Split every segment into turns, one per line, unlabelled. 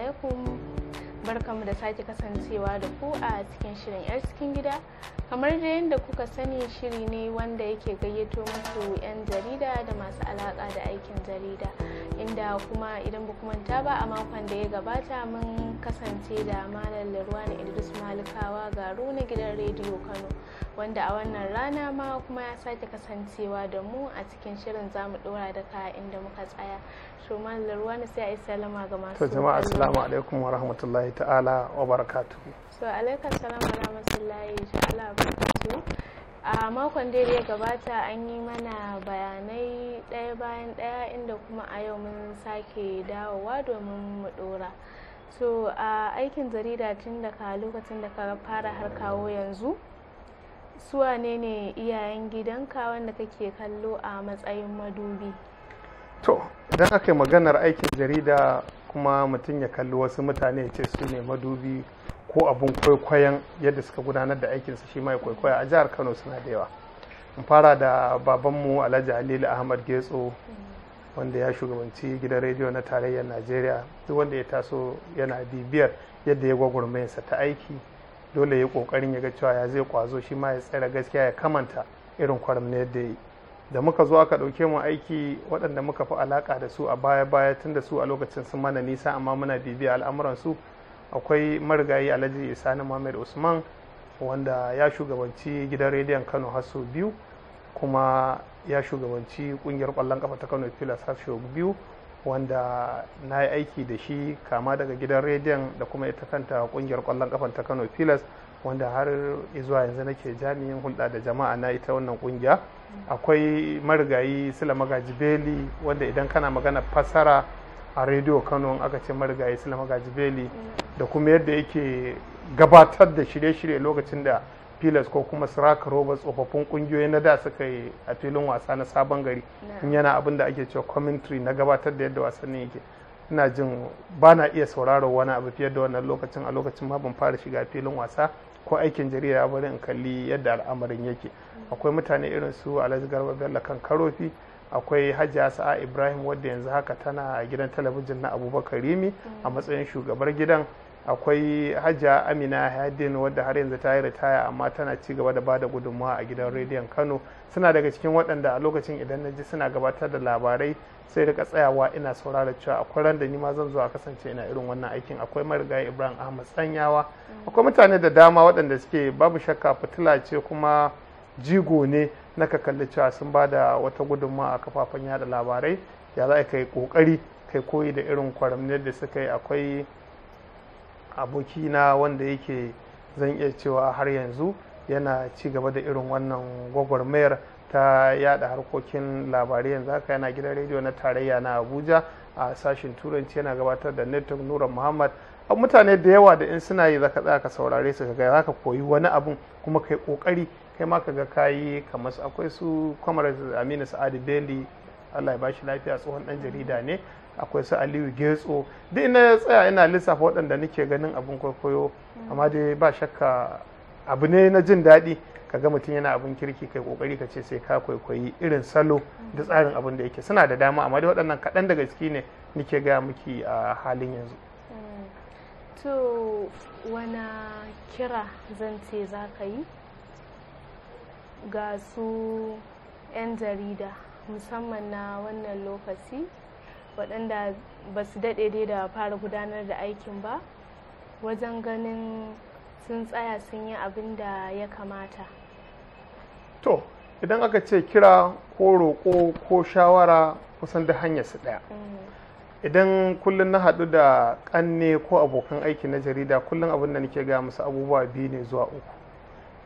alaikum barkamu da sake kasancewa da ku a cikin shirin 'yar cikin gida kamar da yadda kuka sani shiri ne wanda yake gayyato muku 'yan jarida da masu alaka da aikin jarida inda kuma idan ba manta ba a makon da ya gabata mun kasance da malam na idris malikawa garu na gidan rediyo kano wanda a wannan rana ma kuma ya sake kasancewa da mu a cikin shirin zamu dora da ka inda muka tsaya to mallar wani sai a yi salama ga masu to jama'a assalamu
alaikum wa rahmatullahi ta'ala wa barakatu
so alaikum salam wa rahmatullahi ta'ala wa barakatu, a makon da ya gabata an yi mana bayanai ɗaya bayan ɗaya inda kuma a yau mun sake dawowa domin mu dora so a aikin jarida tun daga lokacin da ka fara har kawo yanzu su ne ne iyayen gidanka wanda kake kallo a matsayin madubi
to idan aka yi maganar aikin jarida kuma mutum ya kalli wasu mutane ce su ne madubi ko abun kwaikwayon yadda suka gudanar da aikinsa shi mai kwaikwayo a jihar kano suna da yawa in fara da babanmu alhaji alilu ahmad getso wanda ya shugabanci gidan rediyo na tarayyar najeriya duk wanda ya taso yana bibiyar yadda ya gwagwarmayarsa ta aiki dole ya kokarin ya ga cewa ya zai kwazo shi ma ya tsara gaskiya ya kamanta irin kwaram ne da yi da muka zo aka ɗauke mu aiki waɗanda muka fi alaka da su a baya-baya tun da su a lokacin sun mana nisa amma muna bibiya al'amuran su akwai marigayi alhaji isani mohammed usman wanda ya shugabanci gidan rediyon kano har biyu kuma ya shugabanci ƙungiyar kwallon kafa ta kano pilas har biyu wanda na yi aiki da shi kama daga gidan rediyon da kuma ita kanta kungiyar kwallon kafan ta kano pilas wanda har zuwa yanzu nake jami'in hulɗa da jama'a na ita wannan kungiya akwai marigayi sila magaji beli wanda idan kana magana fassara a rediyo kano aka ce marigayi sila magaji beli da kuma yadda yake gabatar da shirye-shirye lokacin da pillars ko kuma siraka roba tsofaffin kungiyoyi na da suka yi a filin wasa na sabon gari in yana abin da ake cewa commentary na gabatar da yadda wasannin yake ina jin ba na iya sauraro wani abu fiye da wannan lokacin a lokacin ma ban fara shiga filin wasa ko aikin jarida bari in kalli yadda al'amarin yake mm. akwai mutane irin su alhaji garba bello kan karofi akwai hajiya sa'a ibrahim wadda yanzu haka tana gidan talabijin na abubakar rimi mm. a matsayin shugabar gidan akwai hajja amina hadin wadda har yanzu ta yi ritaya amma tana ci gaba da bada gudunmawa a gidan rediyon kano suna daga cikin waɗanda a lokacin idan na ji suna gabatar da labarai sai rika tsayawa ina saurara cewa akwai ran da ni ma zan zo a kasance ina irin wannan aikin akwai marigayi ibrahim ahmad sanyawa akwai mutane da dama waɗanda suke babu shakka fitila ce kuma jigo ne na ka kalli cewa sun ba da wata gudunmawa a kafafen yada labarai ya za ka yi ƙoƙari kai koyi da irin kwaramnin da suka yi akwai abokina wanda yake zan iya cewa har yanzu yana ci gaba da irin wannan gwagwarmayar ta yada harkokin labarai yanzu haka yana gidan rediyo na tarayya na abuja a sashen turanci yana gabatar da network nura muhammad mutane da yawa da in suna yi zaka tsaya ka saurare su ga zaka koyi wani abun kuma kai kokari kai ma kaga kayi kamar akwai su kwamar aminu sa'adu beli allah ya bashi lafiya tsohon dan jarida ne akwai su aliyu getso duk ina tsaya ina lissafa waɗanda nake ganin abin kwaikwayo amma dai ba shakka abu ne na jin daɗi ka ga mutum yana abin kirki kai kokari ka ce sai ka kwaikwayi irin salo da tsarin abin da yake suna da dama amma dai waɗannan kaɗan daga ciki ne nake gaya miki a halin yanzu
hmm. to wana kira zan ce za ka yi ga su 'yan jarida musamman na wannan lokaci waɗanda ba su daɗe dai da fara gudanar da aikin ba wajen ganin sun tsaya sun yi abin da ya kamata
to idan aka ce kira ko roƙo ko shawara kusan da hanyar su ɗaya mm. idan kullum na haɗu da ƙanne ko abokan aiki na jarida kullum abin da nake ga musu abubuwa biyu ne zuwa uku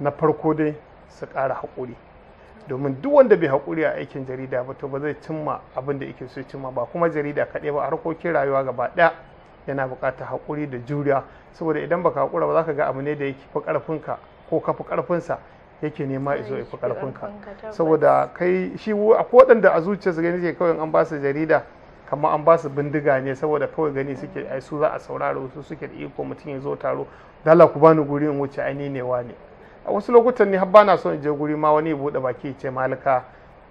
na farko dai su ƙara haƙuri domin duk wanda bai haƙuri a aikin jarida ba to ba zai cimma abin da yake so cimma ba kuma jarida kaɗai ba a harkokin rayuwa gaba ɗaya yana buƙatar haƙuri da juriya saboda idan baka haƙura ba za ka ga abu ne da yake fi ƙarfinka ko ka fi ƙarfinsa yake nema izo ya fi ƙarfinka saboda kai shi a waɗanda a su gani ke kawai an ba su jarida kamar an ba su bindiga ne saboda kawai gani suke ai su za a saurara su suke da iko mutum ya zo taro dala ku bani guri in wuce ai ne wa ne a wasu lokutan ni har bana son in je guri ma wani buɗe baki ce malika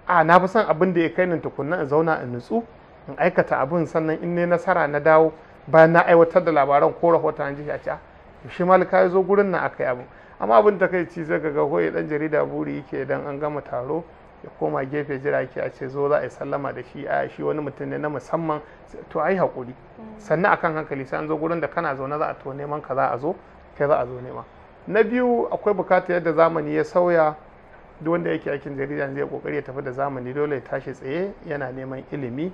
a na fi son abin da ya kai ni tukunna in zauna in nutsu in aikata abin sannan in ne nasara na dawo bayan na aiwatar da labaran ko rahoton an ji a ce ah, shi malika ya zo gurin nan akai abin amma abin ta kai ci zaka ga hoye dan jarida buri yake idan an gama taro ya koma gefe jira yake a ce zo za a yi sallama da shi a shi wani mutum ne na musamman to ai hakuri mm. sannan akan hankali sai an zo gurin da kana zaune za a to neman ka za a zo kai za a zo neman. na biyu akwai bukatar yadda zamani ya sauya duk wanda yake aikin jarida zai kokari ya tafi da zamani dole ya tashi tsaye yana neman ilimi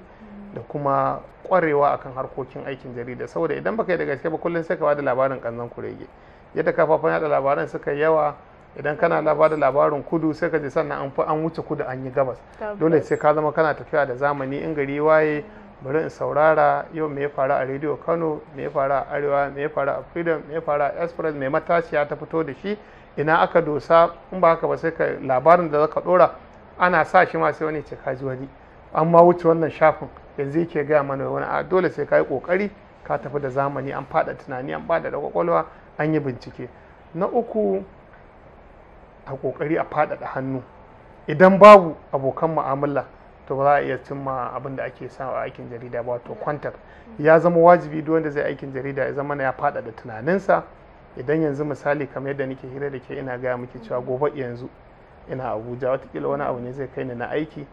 da kuma kwarewa akan harkokin aikin jarida saboda idan baka yi da gaske ba kullum sai ka bada labarin kanzan kurege yadda kafafan yada labaran suka yawa idan kana ba da labarin kudu sai ka ji sannan an an wuce kudu an yi gabas dole sai ka zama kana tafiya da zamani in gari waye bari in saurara yau me ya faru a rediyo kano me ya faru a arewa me ya faru a freedom me ya faru a express mai matashiya ta fito da shi ina aka dosa in ba haka ba sai ka labarin da zaka dora ana sa shi ma sai wani ce ka ji wani an ma wuce wannan shafin yanzu yake gaya mana wani a dole sai ka yi kokari ka tafi da zamani an fada tunani an bada da kwakwalwa an yi bincike na uku a kokari a faɗaɗa hannu idan babu abokan mu'amala to ba za a iya cimma abin da ake sa a aikin jarida ba wato kwantar ya zama wajibi duk wanda zai aikin jarida ya zama ya da tunaninsa idan yanzu misali kamar yadda nake hira da ke ina gaya miki cewa gobe yanzu ina abuja watakila wani abu ne zai kai ni na aiki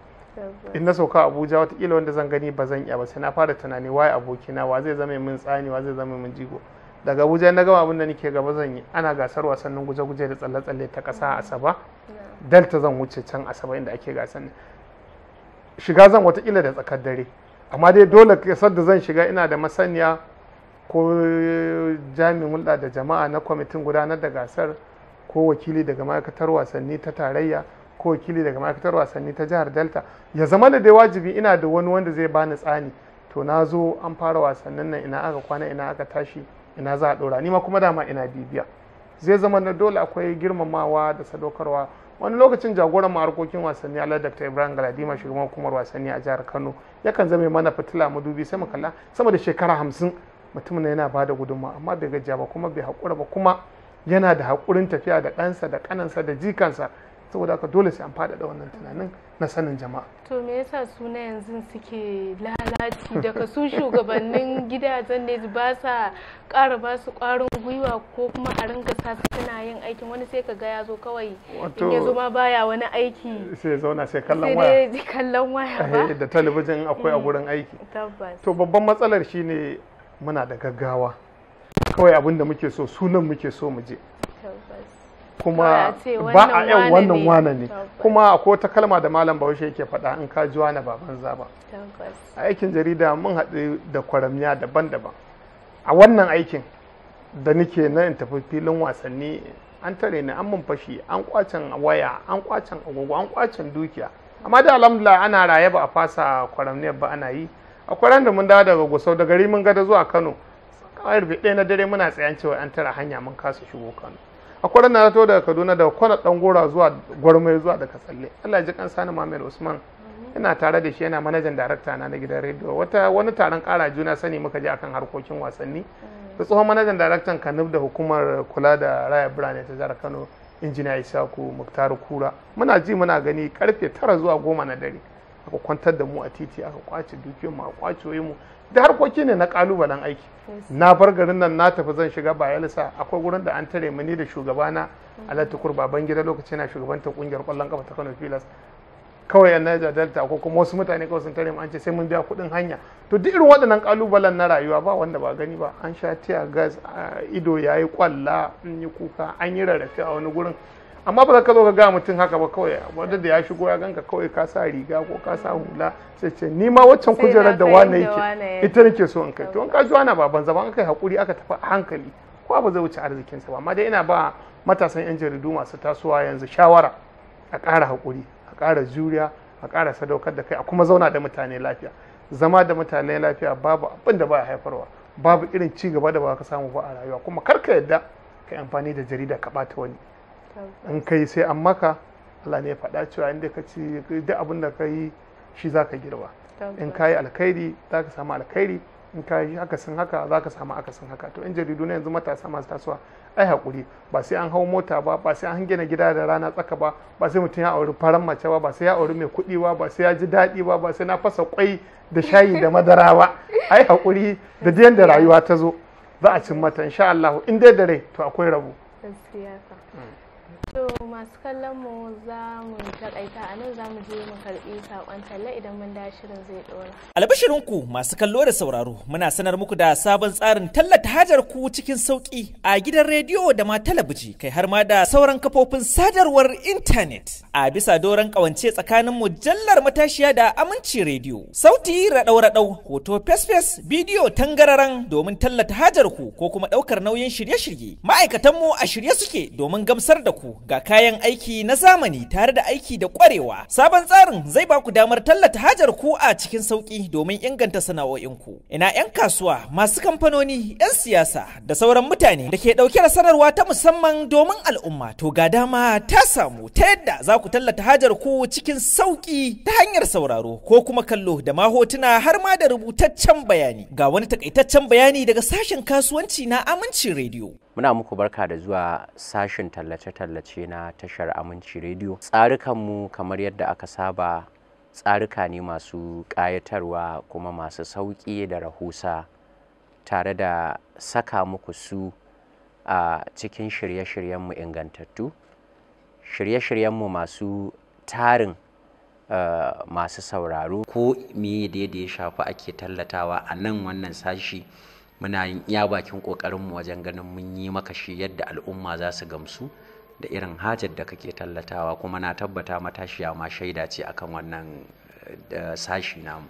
in na sauka abuja watakila wanda zan gani ba zan iya ba sai na fara tunani waye abokina wa zai zama min tsani wa zai zama min jigo daga abuja na gama abin da nake gaba zan yi ana gasar wasannin guje-guje da tsalle-tsalle ta ƙasa asaba delta zan wuce can asaba inda ake gasar shiga zan watakila da tsakar dare amma dai dole kasar da zan shiga ina da masaniya ko jami'in hulɗa da jama'a na kwamitin gudanar da gasar ko wakili daga ma'aikatar wasanni ta tarayya ko wakili daga ma'aikatar wasanni ta jihar delta ya zama da dai wajibi ina da wani wanda zai bani tsani to na zo an fara wasannin nan ina aka kwana ina aka tashi ina za a ɗora ni ma kuma dama ina bibiya zai zama na dole akwai girmamawa da sadaukarwa wani lokacin jagoran mu harkokin wasanni ala dr ibrahim galadima shugaban hukumar wasanni a jihar kano yakan zama mana fitila mu dubi sai mu kalla sama da shekara hamsin mutum na yana bada gudunma amma bai gajiya ba kuma bai haƙura ba kuma yana da haƙurin tafiya da ɗansa da ƙanansa da jikansa saboda haka dole sai an faɗaɗa wannan tunanin na sanin jama'a
to me yasa suna yanzu suke lalaci daga su shugabannin gidajen ne ba sa ƙara ba su ƙwarin gwiwa ko kuma a ringa sa su suna yin aikin wani sai ka ga zo kawai in ya zo ma baya wani aiki
sai zauna sai kallon waya
sai kallon waya ba eh, da
talabijin akwai a mm, gurin aiki tabbas to babban matsalar shine muna da gaggawa kawai abin da muke so sunan muke so mu je kuma ba a yan wannan wane ne kuma akwai ta kalma da malam bahaushe yake faɗa in ka ji wane ba banza ba a aikin jarida mun haɗu da kwaramya daban-daban a wannan aikin da nike na in tafi filin wasanni an tare ni an mun fashi an kwacin waya an kwacin agogo an kwacen dukiya amma da alhamdulillah ana raye ba a fasa kwaramniyar ba ana yi a kwaran da mun dawo daga gusau da gari mun gada zuwa kano ƙarfe ɗaya na dare muna tsayancewa cewa an tara hanya mun kasa shigo kano a kwarar na daga kaduna da kwarar dan gora zuwa gwarmai zuwa daga tsalle allah ji kan sani muhammad usman yana tare da shi yana manajan darakta na na gidan rediyo wata wani taron kara juna sani muka ji akan harkokin wasanni da tsohon manajan daraktan kanub da hukumar kula da raya birane ta jihar kano injiniya isaku muktar kura muna ji muna gani karfe tara zuwa goma na dare aka kwantar da mu a titi aka kwace dukiyar mu a kwace mu da harkoki ne na kalubalen aiki na bar garin nan na tafi zan shiga bayelsa akwai gurin da an tare mini da shugabana mm-hmm. alatukur baban gida lokacin na shugabanta kungiyar kwallon kafa ta kano filas kawai yan naija Delta ko kuma wasu mutane kawai sun tare mu an ce sai mun biya kuɗin hanya to duk irin waɗannan kalubalen na rayuwa ba wanda ba gani ba an sha tiya gas ido yayi kwalla an yi kuka an yi rarrafe a wani gurin amma ba za ka zo ka ga mutum haka ba kawai wanda da ya shigo ya ganka kawai ka sa riga ko ka sa hula sai ce ni ma waccan kujerar da wane yake ita nake so in kai to in ka ji wani ba ban zama aka yi hakuri aka tafi hankali ko ba zai wuce arzikinsa ba amma dai ina ba matasan yan jaridu masu tasowa yanzu shawara a ƙara hakuri a ƙara juriya a ƙara sadaukar da kai a kuma zauna da mutane lafiya zama da mutane lafiya babu abin da ba haifarwa babu irin ci gaba da ba ka samu ba a rayuwa kuma kar ka yarda ka yi amfani da jarida ka ɓata wani in ka yi sai an maka Allah ne ya faɗa cewa inda ka ci duk abin da ka yi shi za ka girba in ka yi alkhairi za ka samu alkhairi in ka yi akasin haka za ka samu akasin haka to in jaridu na yanzu matasa masu tasowa ai hakuri ba sai an hau mota ba ba sai an gina gida da rana tsaka ba ba sai mutum ya auri faran mace ba ba sai ya auri mai kuɗi ba ba sai ya ji daɗi ba ba sai na fasa kwai da shayi da madara ba ai hakuri da diyan da rayuwa ta zo za a cin mata insha Allah in dai da rai to akwai rabo
to masu kallon mu za mu takaita a nan za mu je mu karbi sakon talla idan mun da shirin zai dora.
Albashirin ku masu kallo da sauraro muna sanar muku da sabon tsarin tallata hajar ku cikin sauki a gidan rediyo da ma talabiji kai har ma da sauran kafofin sadarwar intanet a bisa doron kawance tsakanin mujallar matashiya da aminci rediyo. Sauti raɗau-raɗau hoto fesfes bidiyo tangararan domin tallata hajar ku ko kuma ɗaukar nauyin shirye-shirye ma'aikatan mu a shirye suke domin gamsar da ku ga kayan kayan aiki na zamani tare da aiki da kwarewa. Sabon tsarin zai ba ku damar tallata hajar ku a cikin sauki domin inganta sana'o'inku. Ina 'yan kasuwa, masu kamfanoni, 'yan siyasa da sauran mutane da ke ɗauke da sanarwa ta musamman domin al'umma. To ga dama ta samu ta yadda za ku tallata hajar ku cikin sauƙi ta hanyar sauraro ko kuma kallo da ma hotuna har ma da rubutaccen bayani. Ga wani takaitaccen bayani daga sashen kasuwanci na amincin rediyo. muna muku barka da zuwa sashin tallace-tallace na tashar aminci rediyo tsarukanmu kamar yadda aka saba tsarika ne masu ƙayatarwa kuma masu sauƙi da rahusa tare da saka muku su a cikin shirye-shiryenmu ingantattu shirye-shiryenmu masu tarin eh, masu sauraro ko me da ya shafi ake tallatawa a nan wannan sashi muna yin iya bakin ƙoƙarinmu wajen ganin mun yi maka shi yadda al'umma za su gamsu da irin hajar da kake tallatawa kuma na tabbata matashiya ma shaida ce akan wannan eh, sashi namu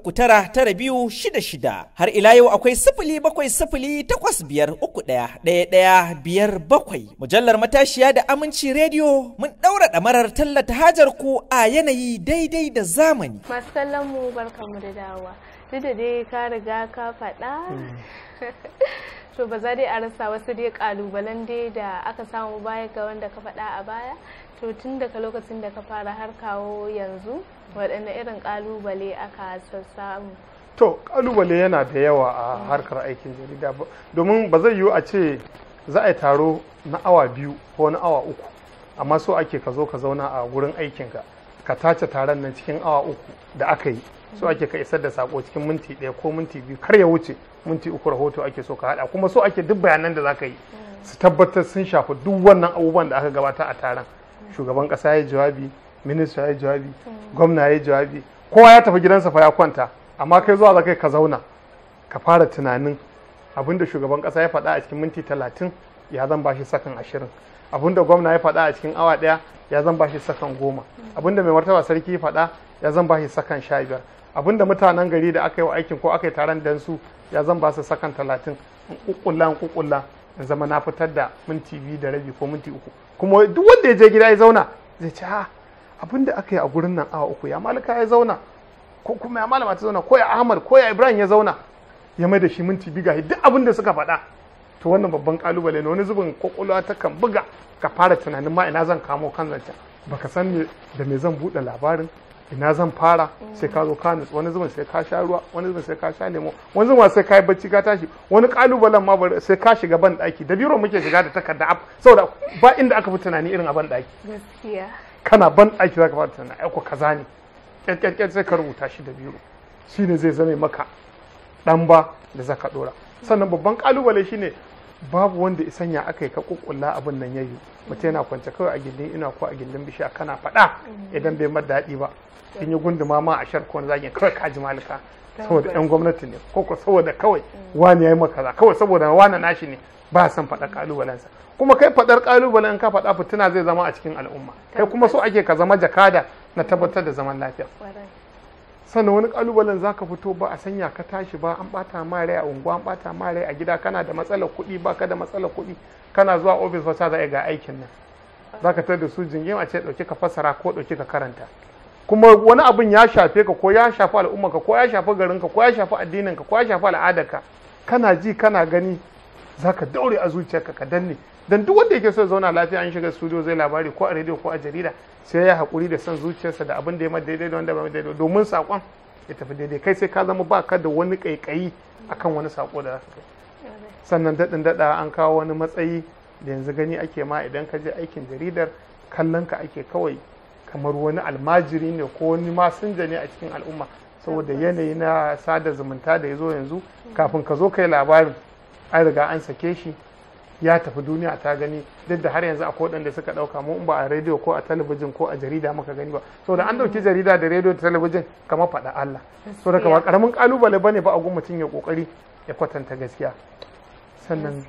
uku tara tara biyu shida shida har ila yau akwai sifili bakwai sifili takwas biyar uku ɗaya ɗaya ɗaya biyar bakwai mujallar matashiya da aminci rediyo mun ɗaura ɗamarar tallata hajar ku a yanayi daidai da zamani.
masu kallon mu barkamu da dawa duk dai ka riga ka faɗa to ba za dai a rasa wasu dai kalubalen dai da aka samu baya ga wanda ka faɗa a baya to tun daga lokacin da ka fara har kawo yanzu waɗanne irin ƙalubale aka samu
to ƙalubale yana da yawa a harkar aikin jarida domin ba zai yiwu a ce za a yi taro na awa biyu ko na awa uku amma so ake ka zo ka zauna a gurin aikinka ka tace taron nan cikin awa uku da aka yi so ake ka isar da sako cikin minti ɗaya ko minti biyu kar ya wuce minti uku rahoto ake so ka haɗa kuma so ake duk bayanan da za ka yi su tabbatar sun shafi duk wannan abubuwan da aka gabata a taron shugaban kasa ya yi jawabi minista ya yi jawabi gwamna ya yi jawabi kowa ya tafi gidansa fa ya kwanta amma kai zuwa za ka zauna ka fara tunanin da shugaban kasa ya faɗa a cikin minti talatin ya zan bashi sakan ashirin da gwamna ya faɗa a cikin awa ɗaya ya zan bashi sakan goma hmm. da mai martaba sarki ya faɗa ya zan bashi sakan sha biyar abin da mutanen gari da aka yi wa aikin ko aka yi taron dan su ya zan ba su sakan talatin in kukulla in zama na fitar da minti biyu da rabi ko minti uku kuma duk wanda ya je gida ya zauna zai ce ha ah, abin da aka yi a gurin nan awa uku ya malika ya zauna ko kuma ya malama ta zauna ko ya ahmad ko ya ibrahim ya zauna ya mai da shi minti biyu gashi duk abin da suka faɗa to wannan babban kalubale ne wani zubin kwakwalwa ta kan buga ka fara tunanin ma ina zan kamo kan zance baka san da me zan buɗe labarin ina zan fara sai ka zo kanus wani zuma sai ka sha ruwa wani zuma sai ka sha lemo wani zuma sai ka yi bacci ka tashi wani kalubalen ma sai ka shiga ban daki da biro muke shiga da takarda ab saboda ba inda aka fi tunani irin a ban daki kana ban daki zaka fara tunani ai ko kaza ne kyakkyakkyar sai ka rubuta shi da biro shine zai zame maka dan ba da zaka dora sannan babban kalubale shine babu wanda isan ya aka yi ka kukkulla abin nan yayi mutum yana kwance kawai a gindin ina ko a gindin bishiya kana faɗa mm. idan bai mar daɗi ba in yi gunduma ma a shar wani zagin kawai kaji malika saboda yan gwamnati ne ko ko saboda kawai mm. wani ya yi maka kawai saboda wani nashi ne ba san faɗa sa kuma kai faɗar in ka faɗa fitina zai zama a cikin al'umma kai kuma so ake ka zama jakada na tabbatar da zaman lafiya sannan wani kalubalen za ka fito ba a sanya ka tashi ba an bata ma a unguwa an bata ma a gida kana da matsalar kuɗi ba ka da matsalar kuɗi kana zuwa ofis wata za a ga aikin nan za ka tar da su jingin a ce ɗauki ka fasara ko ɗauki ka karanta kuma wani abin ya shafe ka ko ya shafi al'ummarka ko ya shafi garinka ko ya shafi addininka ko ya shafi al'adarka kana ji kana gani za ka daure a zuciyarka ka danne dan duk wanda yake so zauna lafiya an shiga studio zai labari ko a radio ko a jarida sai ya haƙuri da son zuciyarsa da abin da ya ma daidai da wanda ba daidai domin saƙon ya tafi daidai kai sai ka zama ba ka da wani ƙaiƙayi akan wani saƙo da za kai sannan daɗin daɗa an kawo wani matsayi da yanzu gani ake ma idan ka je aikin jaridar kallon ka ake kawai kamar wani almajiri ne ko wani masinja ne a cikin al'umma saboda yanayi na sada zumunta da ya zo yanzu kafin ka zo kai labarin an riga an sake shi ya tafi duniya ta gani duk da har yanzu akwai waɗanda suka ɗauka mu ba a rediyo ko a talabijin ko a jarida muka gani ba so da an ɗauki jarida da rediyo da talabijin kamar faɗa Allah so da kamar ƙaramin ƙalubale ba ne ba a gun mutum ya ƙoƙari ya kwatanta gaskiya sannan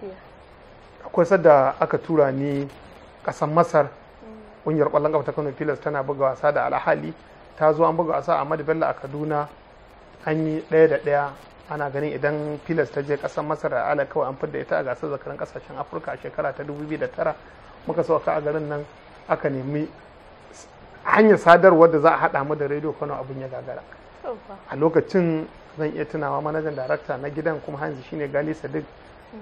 akwai sadda aka tura ni ƙasar masar mm. ƙungiyar ƙwallon ƙafa ta kano pilas tana buga wasa da alhali ta zo an buga wasa a bello a kaduna an yi ɗaya da ɗaya ana ganin idan filas ta je kasar masar ala kawai an fidda ita a gasar zakaran kasashen afirka a shekara ta 2009 muka sauka a garin nan aka nemi hanyar sadarwar da za a haɗa mu da rediyo kano abin ya gagara a lokacin zan iya tunawa manajan darakta na gidan kuma hanzu shine gali sadiq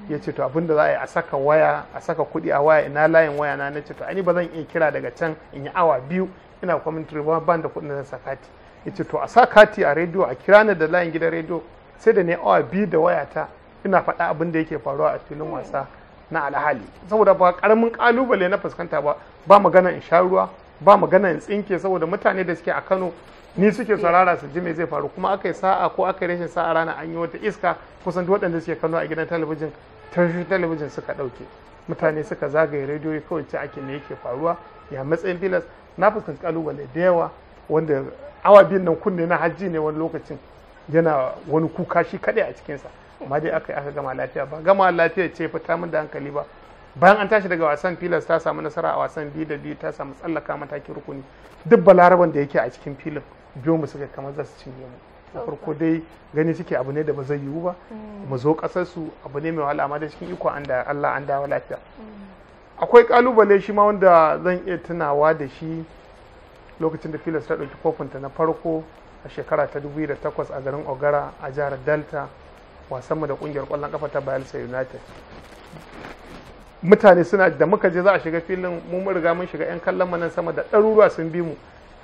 ya ce to abin da za a yi a saka waya a saka kuɗi a waya ina layin waya na na ce to ba zan iya kira daga can in yi awa biyu ina kwamitin ba ban da kuɗin da sakati ya ce to a sa kati a rediyo a kira ni da layin gidan rediyo sai da ne awa biyu da wayata ina faɗa abin da yake faruwa a filin wasa na alhali saboda ba karamin kalubale na fuskanta ba ba magana in sha ruwa ba magana in tsinke saboda mutane da suke a Kano ni suke saurara su ji me zai faru kuma aka yi sa'a ko aka yi rashin sa'a rana an yi wata iska kusan duk waɗanda suke Kano a gidan talabijin tashoshin talabijin suka ɗauke mutane suka zagaye rediyoyi kawai ci ake ne yake faruwa ya matsayin filas na fuskanci kalubale da yawa wanda awa biyun nan kunne na hajji ne wani lokacin yana wani kuka shi kaɗai a cikinsa amma dai aka aka gama lafiya ba gama lafiya ce fita min da hankali ba bayan an tashi daga wasan filas ta samu nasara a wasan biyu da biyu ta samu tsallaka matakin rukuni duk balaraban da yake a cikin filin biyu mu suka kamar za su cinye mu farko dai gani suke abu ne da ba zai yiwu ba mm. mu zo kasar su abu ne mai wahala amma da cikin iko an da Allah an dawo lafiya mm. akwai kalubale shi ma wanda zan iya tunawa da shi lokacin da filas ta ɗauki ta na farko a shekara ta 2008 a garin ogara a jihar delta mu da kungiyar kwallon kafa ta bayelsa united mutane suna da muka je za a shiga filin mun riga mun shiga 'yan kallon mu nan sama da ɗaruruwa sun bi mu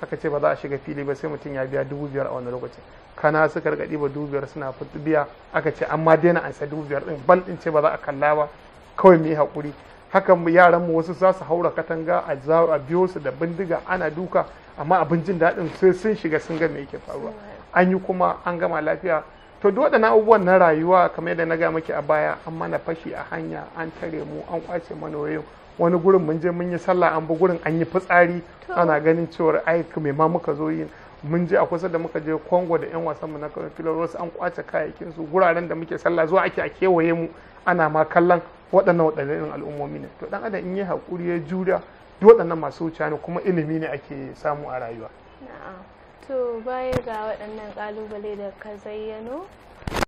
aka ce ba za a shiga fili ba sai mutum ya biya dubu biyar a wani lokacin kana suka rika ɗiba dubu biyar suna biya aka ce amma daina an sa dubu biyar ɗin ban ɗin ce ba za a kalla ba kawai mu yi haƙuri hakan yaran mu wasu za su haura katanga a biyo su da bindiga ana duka amma abin jin daɗin sai sun shiga sun ga me yake faruwa an yi kuma an gama lafiya to duk waɗannan abubuwan na rayuwa kamar yadda na ga maki a baya an mana fashi a hanya an tare mu an kwace mana wayo wani gurin mun je mun yi sallah an bi gurin an yi fitsari ana ganin cewar ai me ma muka zo yi mun je a kusa da muka je Congo da yan wasan mu na Kano Filaros an kwace kayayyakin su guraren da muke sallah zuwa ake a kewaye mu ana ma kallon waɗannan waɗannan al'ummomi ne to dan adam in yi haƙuri ya juriya duk waɗannan masu wuce ne kuma ilimi ne ake samu a rayuwa
to baya ga waɗannan ƙalubale da ka zayyano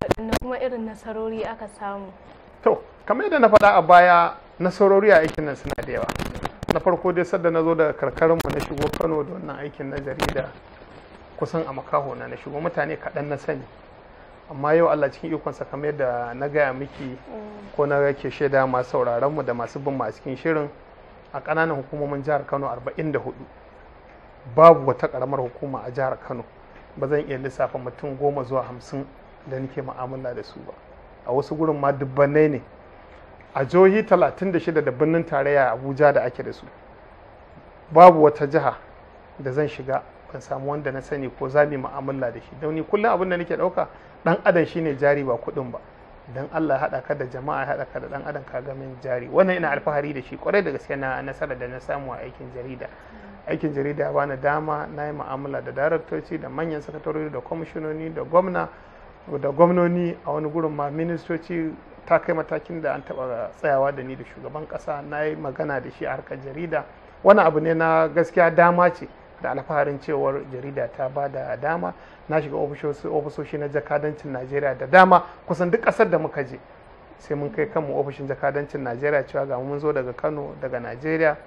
waɗannan kuma irin nasarori aka samu
to kamar yadda na faɗa a baya nasarori a aikin nan suna da yawa na farko dai sadda na zo daga mu na shigo kano da wannan aikin na jarida kusan a makaho na na shigo mutane kaɗan na sani amma yau Allah cikin ikonsa kamar yadda na gaya miki mm. ko na rake shaida masu sauraron mu da masu bin masu cikin shirin a ƙananan hukumomin jihar Kano 44 babu wata ƙaramar hukuma a jihar Kano ba zan iya lissafa mutum goma zuwa hamsin da nake mu'amala da su ba a wasu gurin ma dubbanai ne a jihohi 36 da birnin tarayya Abuja da ake da su babu wata jiha da zan shiga ban samu wanda na sani ko za mu mu'amala da shi don ni kullum abin da nake ɗauka dan adam shine jari ba kuɗin ba dan Allah haɗa ka da jama'a haɗa ka da dan adam ka ga min jari wannan ina alfahari da shi kwarai da gaske na nasara da na samu a aikin jarida aikin jarida ya bani dama na yi mu'amala da daraktoci da manyan sakatarori da kwamishinoni da gwamna da gwamnoni a wani gurin ma ministoci ta kai matakin da an taɓa tsayawa da ni da shugaban ƙasa na yi magana da shi a harkar jarida wani abu ne na gaskiya dama ce da alfaharin cewar jarida ta ba da dama na shiga ofisoshi na jakadancin najeriya da dama kusan duk ƙasar da muka je sai mun kai kanmu ofishin jakadancin najeriya cewa ga mun zo daga kano daga najeriya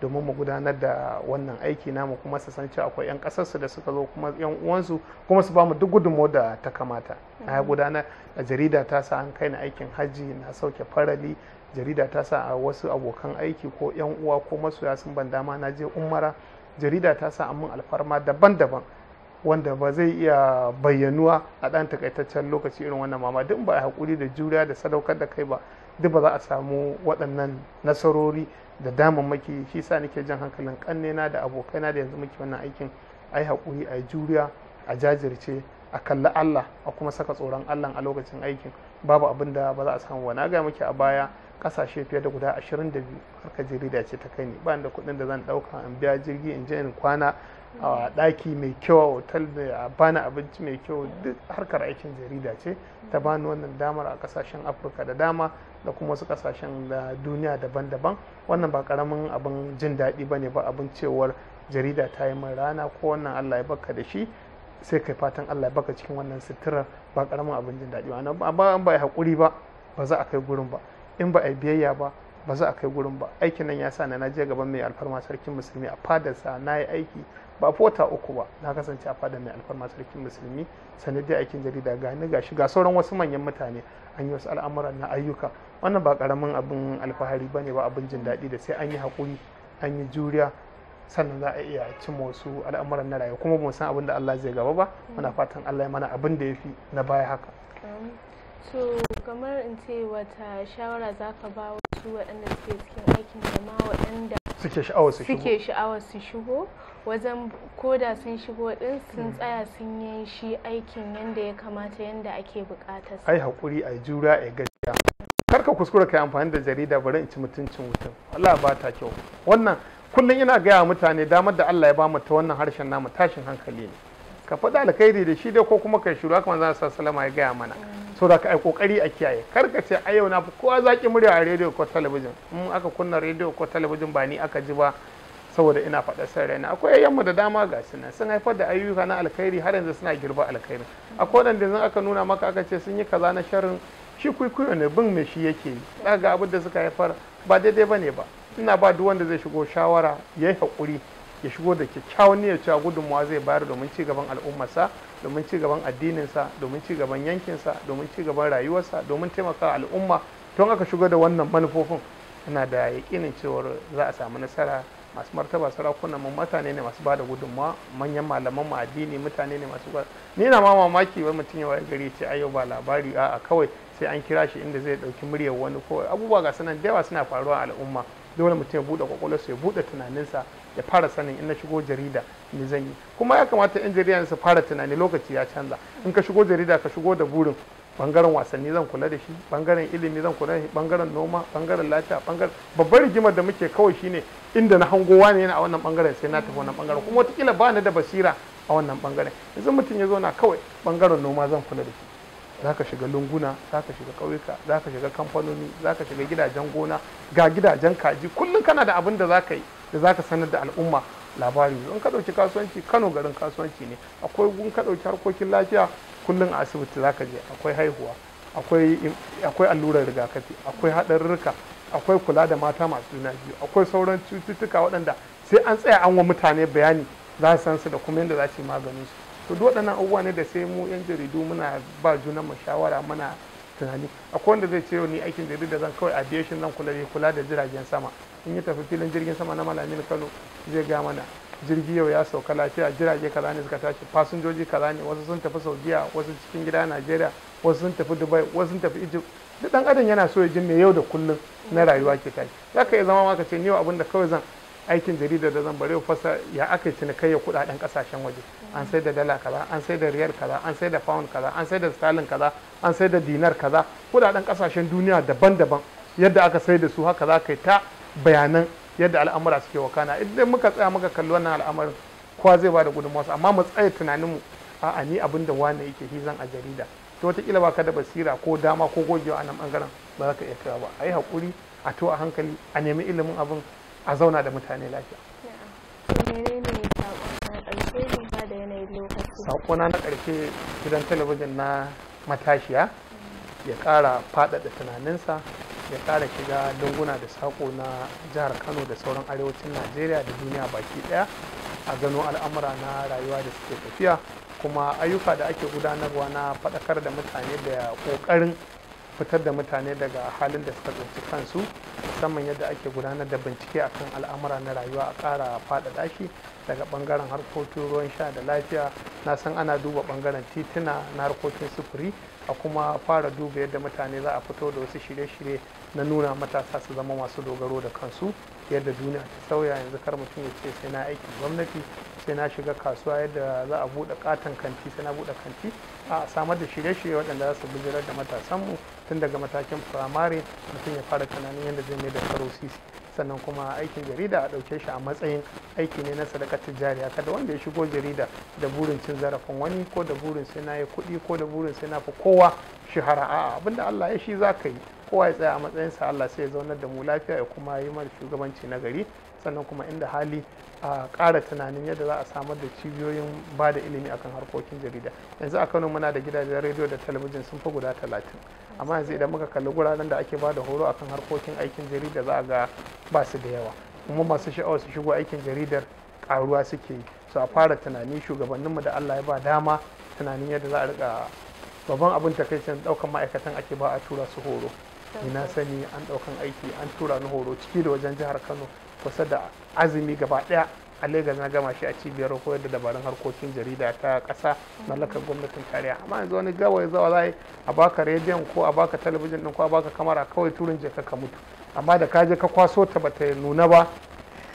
domin mu gudanar da wannan aiki namu kuma su san cewa akwai 'yan kasarsu da suka zo kuma 'yan uwansu kuma su ba mu duk gudunmu da ta kamata na gudanar a jarida ta sa an kai na aikin hajji na sauke farali jarida ta sa a wasu abokan aiki ko 'yan uwa ko masoya sun ban dama na je umara jarida ta sa mun alfarma daban-daban wanda ba zai iya bayyanuwa a ɗan takaitaccen lokaci irin wannan mama duk ba a haƙuri da juriya da sadaukar da kai ba duk ba za a samu waɗannan nasarori da damammaki shi sa nake jan hankalin ƙannena da abokaina da yanzu muke wannan aikin a yi haƙuri a yi juriya a jajirce a kalli Allah a kuma saka tsoron Allah a lokacin aikin babu abin da ba za a samu ba na gaya muke a baya kasashe fiye da guda 22 harkar jarida ce ta kai ni ba da kuɗin da zan ɗauka in biya jirgi in je in kwana a daki mai kyau a otal da a bani abinci mai kyau duk harkar aikin jarida ce ta bani wannan damar a kasashen afirka da dama da kuma wasu kasashen da duniya daban-daban wannan ba karamin abin jin daɗi ba ne ba abin cewar jarida ta yi min rana ko wannan allah ya baka da shi sai kai fatan allah ya baka cikin wannan sitirar ba karamin abin jin daɗi ba ba ba haƙuri ba ba za a kai gurin ba in ba a biyayya ba ba za a kai gurin ba aikin nan ya sa na je gaban mai alfarma sarkin musulmi a fadarsa na yi aiki ba fota uku ba na kasance a fadar mai alfarma sarkin musulmi sanadiyar aikin jarida ga shiga sauran wasu manyan mutane an yi wasu al'amuran na ayyuka wannan ba karamin abin alfahari ba ne ba abin jin daɗi da sai an yi haƙuri an yi juriya sannan za a iya cin wasu al'amuran na rayuwa kuma ba mu san abin da Allah zai gaba ba muna fatan Allah ya mana abin da ya fi na baya haka
so kamar in ce wata shawara za ka ba wasu waɗanda suke cikin aikin jama'a waɗanda suke sha'awar su shigo wajen koda sun shigo ɗin sun hmm. tsaya sun yi shi aikin yadda ya kamata yadda ake bukatar ai
haƙuri ai jura ai gaskiya kar ka kuskura kai amfani da jarida bari in ci mutuncin mutum Allah ba ta kyau wannan kullum ina gaya mutane damar da Allah ya ba mu ta wannan harshen namu tashin hankali ne ka faɗi alkhairi da shi dai ko kuma kai shiru haka manzo sallallahu alaihi wasallam ya gaya mana hmm. so da ka yi kokari a kiyaye kar ka ce a yau na fi kowa zaki murya a rediyo ko talabijin in aka kunna rediyo ko talabijin ba ni aka ji ba saboda ina faɗa san raina akwai mu da dama ga su sun haifar da ayyuka na alkhairi har yanzu suna girba alkhairi akwai wadanda yanzu aka nuna maka aka ce sun yi kaza na sharrin shi kuikuyo ne bin me shi yake yi ga abin da suka haifar ba daidai ba ne ba ina ba duk wanda zai shigo shawara ya yi haƙuri ya shigo da kyakkyawan niyyar cewa gudunmawa zai bayar domin ci gaban al'ummarsa domin ci gaban addininsa domin ci gaban yankinsa domin ci gaban rayuwarsa domin taimaka al'umma Tun aka shigo da wannan manufofin ina da yakinin cewar za a samu nasara masu martaba sarakunan mu mutane ne masu bada gudunmawa manyan malaman mu addini mutane ne masu ni na ma mamaki wai mutum ya waye gari ce ayo ba labari a kawai sai an kira shi inda zai dauki muryar wani ko abubuwa ga sanan da yawa suna faruwa al'umma dole mutum ya bude kwakwalwarsa ya bude tunaninsa ya fara sanin in na shigo jarida me zan yi kuma ya kamata yan jarida su fara tunani lokaci ya canza in ka shigo jarida ka shigo da burin bangaren wasanni zan kula da shi bangaren ilimi zan kula da shi bangaren noma bangaren lafiya bangaren babbar rigimar da muke kawai shine inda na hango wani yana a wannan bangaren sai na tafi wannan bangaren kuma watakila ba ni da basira a wannan bangaren yanzu mutum ya zauna kawai bangaren noma zan kula da shi za ka shiga lunguna za ka shiga ƙauyuka za ka shiga kamfanoni za ka shiga gidajen gona ga gidajen kaji kullum kana da abin da za yi da za ka sanar da al'umma labari in ka ɗauki kasuwanci kano garin kasuwanci ne akwai gun ka ɗauki harkokin lafiya kullum a asibiti za ka je akwai haihuwa akwai allurar rigakafi akwai haɗarurruka akwai kula da mata masu juna biyu akwai sauran cututtuka waɗanda sai an tsaya an wa mutane bayani za su san su da kuma yadda za su yi maganin su to duk waɗannan abubuwa ne da sai mu yan jaridu muna ba junan mu shawara muna tunani akwai wanda zai ce ni aikin jarida zan kawai aviation zan kula da kula da jiragen sama in yi tafi filin jirgin sama na malamin kano zai ga mana jirgi yau ya sauka lafiya jirage kaza ne suka tashi fasinjoji kaza ne wasu sun tafi saudiya wasu cikin gida najeriya wasu sun tafi dubai wasu sun tafi egypt duk dan adam yana so ya ji me yau da kullum na rayuwa ke kai za ka iya zama maka ce ni yau abin da kawai zan aikin jarida da zan bare fasa ya aka yi cinikayya kudaden kasashen waje an sai da dala kaza an sai da riyal kaza an sai da pound kaza an sai da sterling kaza an sai da dinar kaza kudaden kasashen duniya daban-daban yadda aka sai da su haka za ka yi ta bayanan yadda al'amura suke wa kana idan muka tsaya muka kalli wannan al'amarin kowa zai bada gudunmawarsa amma mu tsaya tunaninmu a'a ni abin da wane yake hizan a jarida to wataƙila ba ka da basira ko dama ko gogewa a nan ɓangaren ba za ka iya kira ba a yi haƙuri a to a hankali a nemi ilimin abin a zauna da mutane lafiya. saƙona na ƙarshe gidan talabijin na matashiya ya ƙara faɗaɗa tunaninsa ya kara shiga lunguna da sako na jihar kano da sauran arewacin najeriya da duniya baki ɗaya a gano al'amura na rayuwa da suke tafiya kuma ayyuka da ake gudanarwa na faɗakar da mutane da ƙoƙarin fitar da mutane daga halin da suka tsinci kansu musamman yadda ake gudanar da bincike a kan al'amura na rayuwa a ƙara faɗaɗa shi daga ɓangaren harkokin ruwan sha da lafiya na san ana duba ɓangaren tituna na harkokin sufuri a kuma fara duba yadda mutane za a fito da wasu shirye-shirye na nuna matasa su zama masu dogaro da kansu yadda duniya ta sauya yanzu kar mutum ya ce sai na aiki gwamnati sai na shiga kasuwa yadda za a buɗe katon kanti sai na buɗe kanti a samar da shirye-shirye waɗanda za su bijirar da matasanmu tun daga matakin firamare mutum ya fara tunanin yadda zai mai da karo sisi sannan kuma aikin jarida a ɗauke shi a matsayin aiki ne na sadaka tijariya kada wanda ya shigo jarida da burin cin zarafin wani ko da burin sai na yi kuɗi ko da burin sai na fi kowa shahara a'a abinda Allah ya shi za ka yi kowa ya tsaya a matsayinsa Allah sai ya zaunar da mu lafiya ya kuma yi mana shugabanci na gari sannan kuma inda hali a ƙara tunanin yadda za a samar da cibiyoyin ba da ilimi akan harkokin jarida yanzu a kano muna da gidajen rediyo da talabijin sun fi guda talatin amma yanzu idan muka kalli guraren da ake ba da horo akan harkokin aikin jarida za a ga ba su da yawa kuma masu sha'awar su shigo aikin jaridar karuwa suke yi su a fara tunani shugabanninmu da allah ya ba dama tunanin yadda za a rika babban abin takaicin ɗaukan ma'aikatan ake ba a tura su horo ina sani an ɗaukan aiki an tura ni horo ciki da wajen jihar kano kusa da azumi gaba ɗaya a Legas na gama shi a cibiyar koyar da dabarun harkokin jarida ta ƙasa mallakar gwamnatin tarayya amma yanzu wani gawa ya zawa zai a baka rediyon ko a baka talabijin din ko a baka kamara kawai turin je ka mutu amma da ka je ka kwaso ta bata nuna ba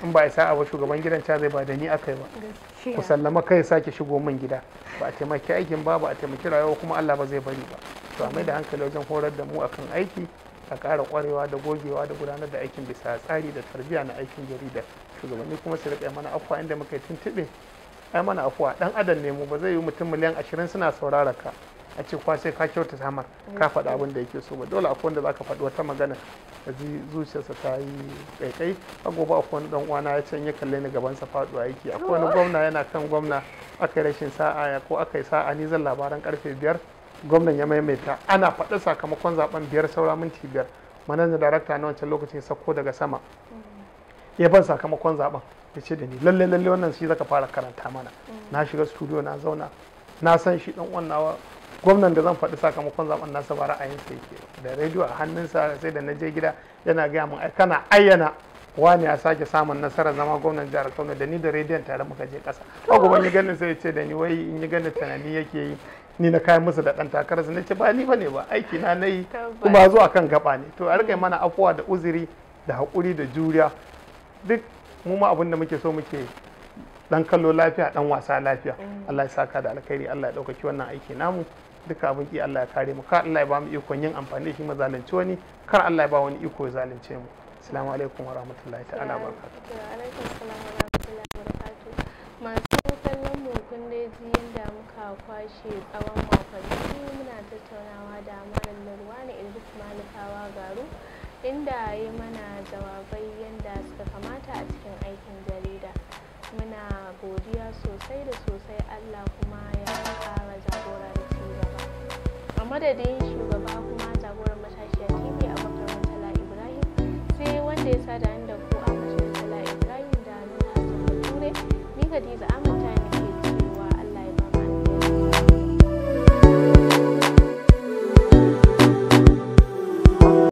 in ba isa ba shugaban gidan ca zai ba da ni yi ba ku sallama kai sake shigo min gida ba a taimaki aikin ba ba a taimaki rayuwa kuma Allah ba zai bari ba to a mai da hankali wajen horar da mu akan aiki a ƙara ƙwarewa da gogewa da gudanar da aikin bisa tsari da tarbiyya na aikin jarida shugabanni kuma su riƙe mana afuwa inda muka yi tuntuɓe ai mana afuwa ɗan adam ne mu ba zai yi mutum miliyan ashirin suna saurara ka a ce kwa sai ka kyauta samar ka faɗa abin da yake so ba dole akwai wanda za ka faɗi wata magana ka ji zuciyarsa ta yi kaikai a gobe akwai wani dan uwana ya can ya kalle ni gabansa faɗuwa yake akwai wani gwamna yana kan gwamna aka yi rashin sa'a ko aka yi sa'a ni zan labaran karfe biyar gwamnan ya maimaita ana faɗi sakamakon zaben biyar saura minti biyar manajan darakta na wancan lokacin sako daga sama
mm.
ya ban sakamakon zaben ya ce da ni lalle lalle wannan shi zaka fara karanta mana mm. na shiga studio na zauna na san shi dan wannawa gwamnan da zan faɗi sakamakon zaben nasa ba ra'ayin sa yake da rediyo a hannunsa sai da na je gida yana gaya min kana ayyana wani ya sake samun nasarar zama gwamnan jihar Kano da ni da rediyon tare muka je ƙasa. Ko gaban ni ganin sai ya ce da ni wai in yi ganin tunani yake yi ni na kayan masa da ɗan takararsa na ce ba ni bane ba aiki na na yi kuma zuwa kan gaba ne to a rika mana afuwa da uzuri da haƙuri da juriya duk mu ma abin da muke so muke dan kallo lafiya dan wasa lafiya mm. Allah ya saka da alkhairi Allah ya ɗaukaki wannan aiki namu duka abin ki Allah ya kare mu ka Allah ya ba mu ikon yin amfani da shi mu zalunci wani kar Allah ya ba wani iko ya zalunce mu assalamu alaikum wa rahmatullahi ta'ala
barakatuh da muka kwashe tsawon makonni muna tattaunawa da malam Nurwani Idris Malikawa Garu inda ya mana jawabai yadda suka kamata a cikin aikin jarida. Muna godiya sosai da sosai Allah kuma ya kara jagora da ci gaba. A madadin shugaba kuma jagoran matashiya TV a bakar Ibrahim sai wanda ya sada da ko a Murtala Ibrahim da Nuna Ture ni amma